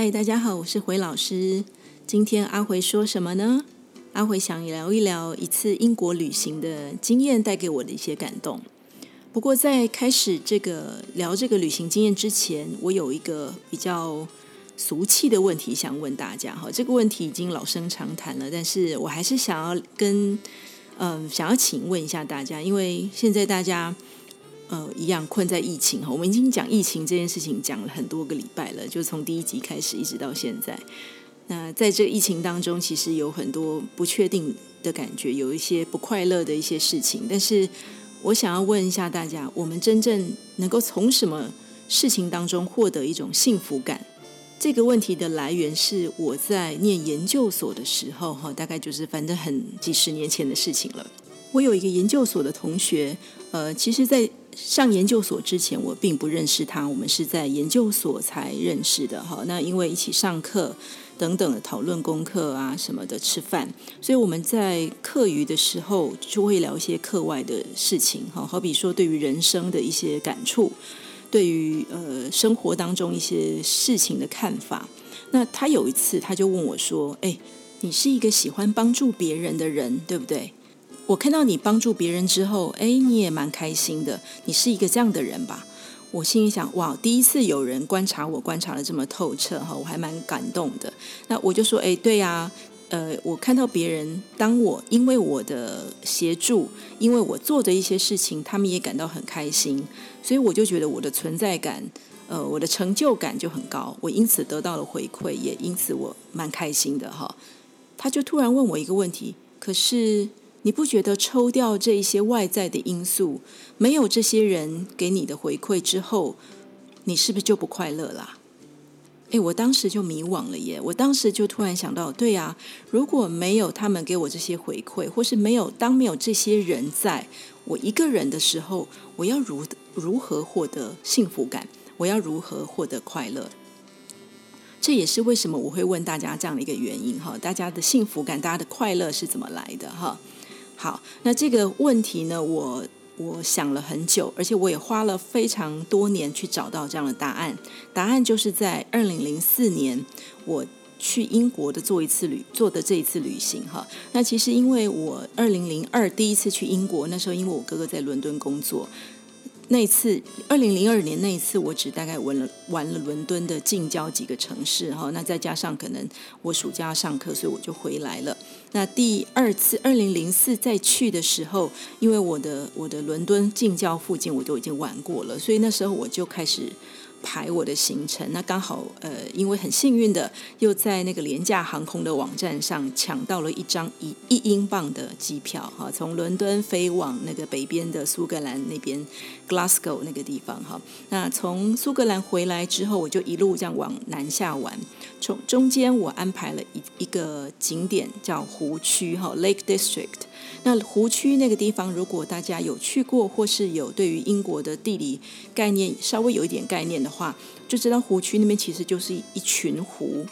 嗨，大家好，我是回老師。今天阿回說什麼呢？阿回想聊一聊一次英國旅行的經驗帶給我的一些感動。不過在開始這個聊這個旅行經驗之前，我有一個比較俗氣的問題想問大家哈。這個問題已經老生常談了，但是我還是想要跟嗯、呃、想要請問一下大家，因為現在大家。呃，一樣困在疫情哈。我們已經講疫情這件事情講了很多個禮拜了，就從第一集開始一直到現在。那在這個疫情當中，其實有很多不確定的感覺，有一些不快樂的一些事情。但是我想要問一下大家，我們真正能夠從什麼事情當中獲得一種幸福感？這個問題的來源是我在念研究所的時候哈，大概就是反正很幾十年前的事情了。我有一個研究所的同學，呃，其實，在上研究所之前，我並不認識他，我們是在研究所才認識的哈。那因為一起上課等等的討論功課啊什麼的，吃飯，所以我們在課餘的時候就會聊一些課外的事情哈。好比說對於人生的一些感觸，對於呃生活當中一些事情的看法。那他有一次他就問我說：“哎，你是一個喜歡幫助別人的人，對不對？”我看到你幫助別人之後，哎，你也蠻開心的。你是一個這樣的人吧？我心裡想，哇，第一次有人觀察我，觀察得這麼透徹哈，我還蠻感動的。那我就說，哎，對呀、啊，呃，我看到別人，當我因為我的協助，因為我做的一些事情，他們也感到很開心，所以我就覺得我的存在感，呃，我的成就感就很高。我因此得到了回饋，也因此我蠻開心的哈。他就突然問我一個問題，可是。你不覺得抽掉這一些外在的因素，沒有這些人給你的回饋之後，你是不是就不快樂了啊？誒，我當時就迷惘了耶！我當時就突然想到，對呀，如果沒有他們給我這些回饋，或是沒有當沒有這些人，在我一個人的時候，我要如如何獲得幸福感？我要如何獲得快樂？這也是為什麼我會問大家這樣的一個原因哈。大家的幸福感，大家的快樂是怎麼來的哈？好，那這個問題呢，我我想了很久，而且我也花了非常多年去找到這樣的答案。答案就是在二零零四年，我去英國的做一次旅，做的這一次旅行哈。那其實因為我二零零二第一次去英國，那時候因為我哥哥在倫敦工作。那一次，二零零二年那一次，我只大概玩了玩了倫敦的近郊幾個城市哈，那再加上可能我暑假要上課，所以我就回來了。那第二次，二零零四再去的時候，因為我的我的倫敦近郊附近我都已經玩過了，所以那時候我就開始。排我的行程，那剛好呃，因為很幸運的，又在那個廉價航空的網站上搶到了一張一一英鎊的機票，哈，從倫敦飛往那個北邊的蘇格蘭那邊，Glasgow 那個地方，哈，那從蘇格蘭回來之後，我就一路這樣往南下玩。從中間，我安排了一一個景點叫湖區哈 （Lake District）。那湖區那個地方，如果大家有去過，或是有對於英國的地理概念稍微有一點概念的話，就知道湖區那邊其實就是一群湖。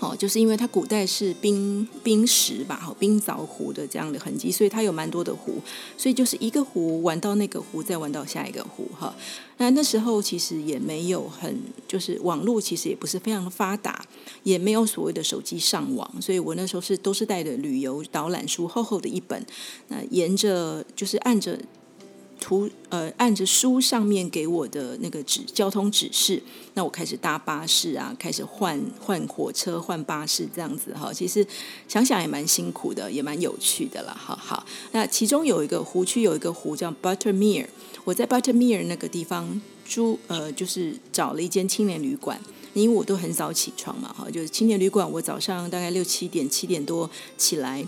哦，就是因為它古代是冰冰石吧，冰鑿湖的這樣的痕跡，所以它有蠻多的湖，所以就是一個湖玩到那個湖，再玩到下一個湖，哈。那那時候其實也沒有很，就是網絡其實也不是非常的發達，也沒有所謂的手機上網，所以我那時候是都是帶着旅遊導覽書，厚厚的一本，那沿着就是按着。圖呃，按着書上面給我的那個指交通指示，那我開始搭巴士啊，開始換換火車、換巴士這樣子哈。其實想想也蠻辛苦的，也蠻有趣的啦哈。好，那其中有一個湖區，有一個湖叫 Buttermere。我在 Buttermere 那個地方租，呃，就是找了一間青年旅館，因為我都很早起床嘛哈，就是青年旅館，我早上大概六七點、七點多起來。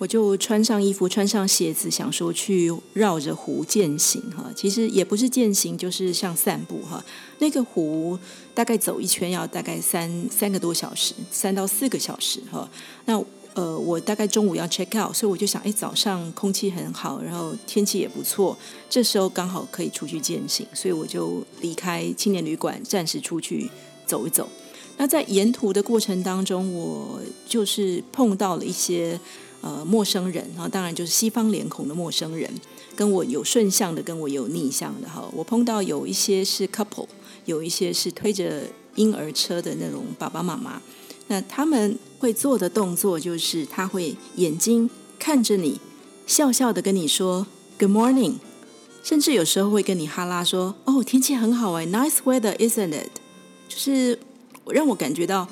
我就穿上衣服，穿上鞋子，想說去繞着湖健行哈。其實也不是健行，就是像散步哈。那個湖大概走一圈要大概三三個多小時，三到四個小時哈。那呃，我大概中午要 check out，所以我就想，哎，早上空氣很好，然後天氣也不錯，這時候剛好可以出去健行，所以我就離開青年旅館，暫時出去走一走。那在沿途的過程當中，我就是碰到了一些。呃，陌生人啊，然後當然就是西方臉孔的陌生人，跟我有順向的，跟我有逆向的哈。我碰到有一些是 couple，有一些是推着嬰兒車的那種爸爸媽媽。那他們會做的動作就是，他會眼睛看着你，笑笑的跟你說 “Good morning”，甚至有時候會跟你哈拉說：“哦，天氣很好哎，nice weather，isn't it？” 就是讓我感覺到。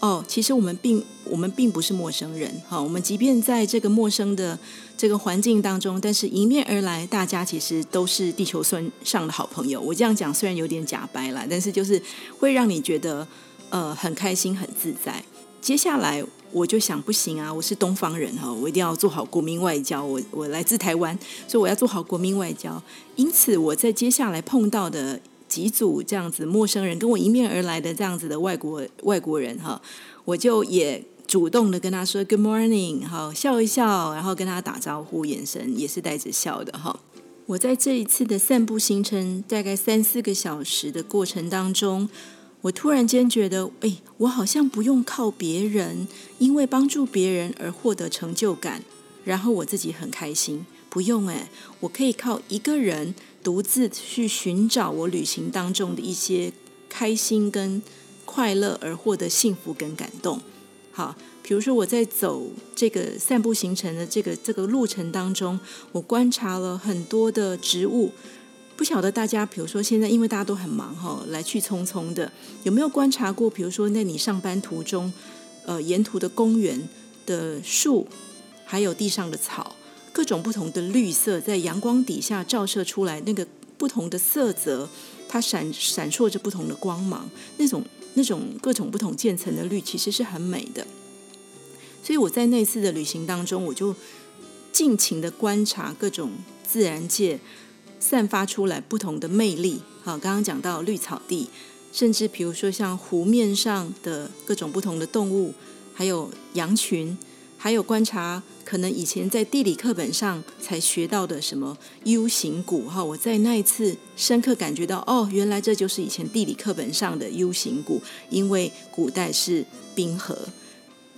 哦，其實我們並我們並不是陌生人，哈、哦，我們即便在這個陌生的這個環境當中，但是迎面而來，大家其實都是地球村上的好朋友。我這樣講雖然有點假掰啦，但是就是會讓你覺得呃很開心，很自在。接下來我就想不行啊，我是東方人哈、哦，我一定要做好國民外交。我我來自台灣，所以我要做好國民外交。因此我在接下來碰到的。幾組這樣子陌生人跟我迎面而來的這樣子的外國外國人哈，我就也主動的跟他說 Good morning 哈，笑一笑，然後跟他打招呼，眼神也是帶着笑的哈。我在這一次的散步行程大概三四個小時的過程當中，我突然間覺得，誒，我好像不用靠別人，因為幫助別人而獲得成就感，然後我自己很開心，不用誒，我可以靠一個人，獨自去尋找我旅行當中的一些開心跟快樂，而獲得幸福跟感動。好，比如說我在走這個散步行程的這個這個路程當中，我觀察了很多的植物。不曉得大家，比如說現在因為大家都很忙哈，來去匆匆的，有沒有觀察過？比如說在你上班途中，呃，沿途的公園的樹，還有地上的草。各種不同的綠色在陽光底下照射出來，那個不同的色澤，它閃閃爍着不同的光芒。那種那種各種不同漸層的綠，其實是很美的。所以我在那次的旅行當中，我就盡情的觀察各種自然界散發出來不同的魅力。好，剛剛講到綠草地，甚至比如說像湖面上的各種不同的動物，還有羊群。還有觀察，可能以前在地理課本上才學到的什麼 U 型谷哈，我在那一次深刻感覺到哦，原來這就是以前地理課本上的 U 型谷，因為古代是冰河，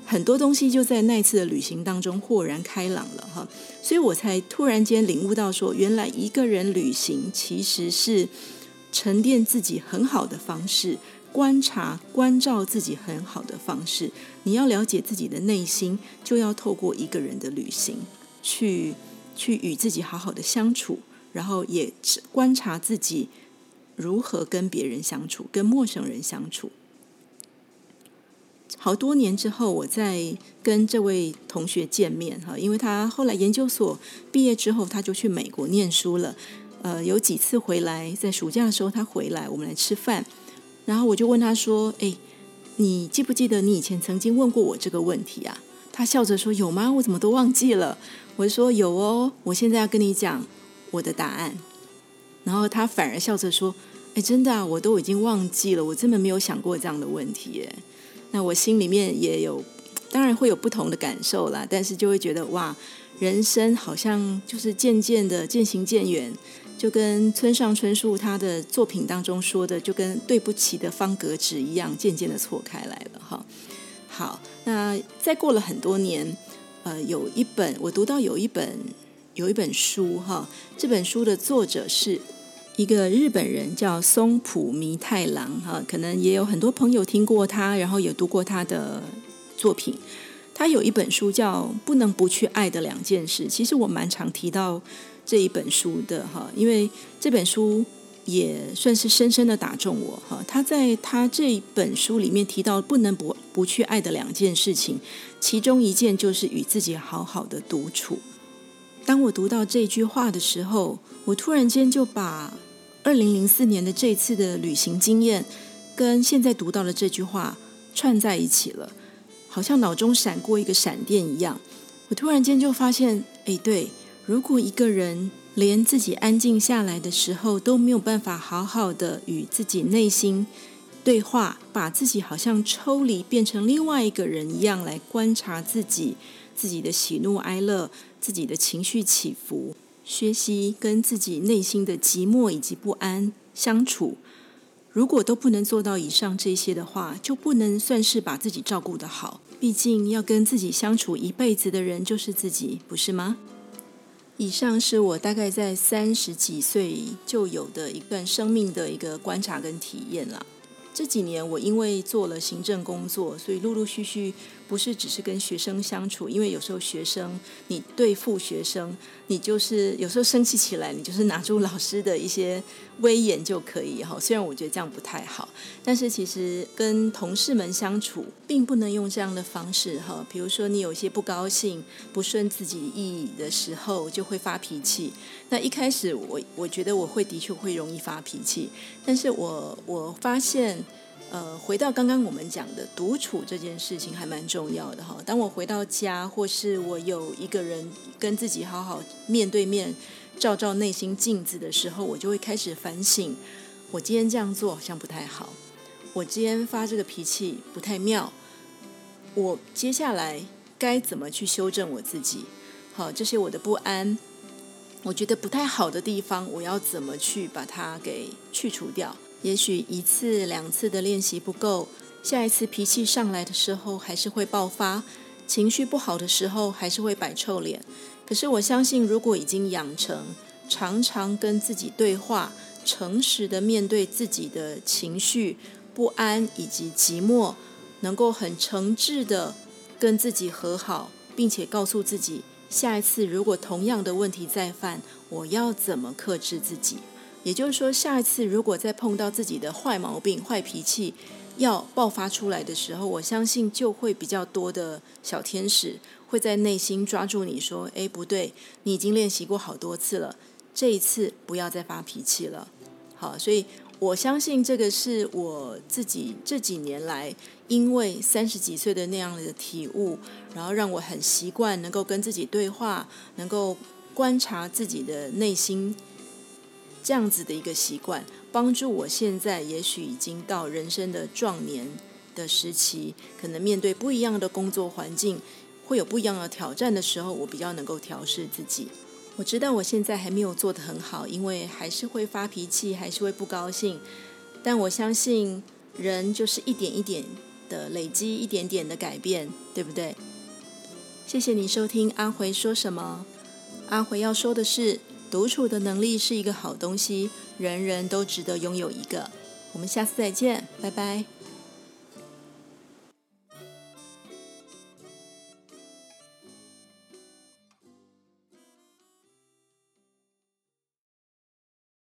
很多東西就在那次的旅行當中豁然開朗了哈，所以我才突然間領悟到說，原來一個人旅行其實是沉澱自己很好的方式。觀察、觀照自己很好的方式，你要了解自己的內心，就要透過一個人的旅行去，去去與自己好好的相處，然後也觀察自己如何跟別人相處，跟陌生人相處。好多年之後，我在跟這位同學見面哈，因為他後來研究所畢業之後，他就去美國念書了。呃，有幾次回來，在暑假的時候他回來，我們來吃飯。然後我就問他說：“哎，你記不記得你以前曾經問過我這個問題啊？”他笑着說：“有嗎？我怎麼都忘記了。”我就說：“有哦，我現在要跟你講我的答案。”然後他反而笑着說：“哎，真的啊，我都已經忘記了，我真的沒有想過這樣的問題耶。”那我心裡面也有，當然會有不同的感受啦。但是就會覺得哇，人生好像就是漸漸的漸行漸遠。就跟村上春樹他的作品當中說的，就跟對不起的方格紙一樣，漸漸的錯開來了哈。好，那再過了很多年，呃，有一本我讀到有一本有一本書哈，這本書的作者是一個日本人叫松浦彌太郎哈，可能也有很多朋友聽過他，然後也讀過他的作品。他有一本書叫《不能不去愛的兩件事》，其實我蠻常提到，這一本書的哈，因為這本書也算是深深的打中我哈。他在他這本書裡面提到不能不不去愛的兩件事情，其中一件就是與自己好好的獨處。當我讀到這句話的時候，我突然間就把二零零四年的這次的旅行經驗跟現在讀到的這句話串在一起了，好像腦中閃過一個閃電一樣，我突然間就發現，哎，對。如果一個人連自己安靜下來的時候都沒有辦法好好的與自己內心對話，把自己好像抽離變成另外一個人一樣來觀察自己，自己的喜怒哀樂、自己的情緒起伏，學習跟自己內心的寂寞以及不安相處，如果都不能做到以上這些的話，就不能算是把自己照顧得好。畢竟要跟自己相處一輩子的人就是自己，不是嗎？以上是我大概在三十幾歲就有的一段生命的一個觀察跟體驗了。這幾年我因為做了行政工作，所以陸陸續續。不是只是跟學生相處，因為有時候學生，你對付學生，你就是有時候生氣起來，你就是拿住老師的一些威嚴就可以哈。雖然我覺得這樣不太好，但是其實跟同事們相處，並不能用這樣的方式哈。比如說你有一些不高興、不順自己意的時候，就會發脾氣。那一開始我我覺得我會的確會容易發脾氣，但是我我發現。呃，回到剛剛我們講的獨處這件事情還蠻重要的哈。當我回到家，或是我有一個人跟自己好好面對面照照內心鏡子的時候，我就會開始反省：我今天這樣做好像不太好，我今天發這個脾氣不太妙，我接下來該怎麼去修正我自己？好，這些我的不安，我覺得不太好的地方，我要怎麼去把它給去除掉？也許一次兩次的練習不夠，下一次脾氣上來的時候還是會爆發，情緒不好的時候還是會擺臭臉。可是我相信，如果已經養成常常跟自己對話，誠實的面對自己的情緒不安以及寂寞，能夠很誠摯的跟自己和好，並且告訴自己，下一次如果同樣的問題再犯，我要怎麼克制自己。也就是說，下一次如果再碰到自己的壞毛病、壞脾氣要爆發出來的時候，我相信就會比較多的小天使會在內心抓住你說：“哎，不對，你已經練習過好多次了，這一次不要再發脾氣了。”好，所以我相信這個是我自己這幾年來因為三十幾歲的那樣的體悟，然後讓我很習慣能夠跟自己對話，能夠觀察自己的內心。這樣子的一個習慣，幫助我現在也許已經到人生的壯年的時期，可能面對不一樣的工作環境，會有不一樣的挑戰的時候，我比較能夠調適自己。我知道我現在還沒有做得很好，因為還是會發脾氣，還是會不高興。但我相信，人就是一點一點的累積，一點點的改變，對不對？謝謝你收聽阿回說什麼？阿回要說的是。獨處的能力是一個好東西，人人都值得擁有一個。我們下次再見，拜拜。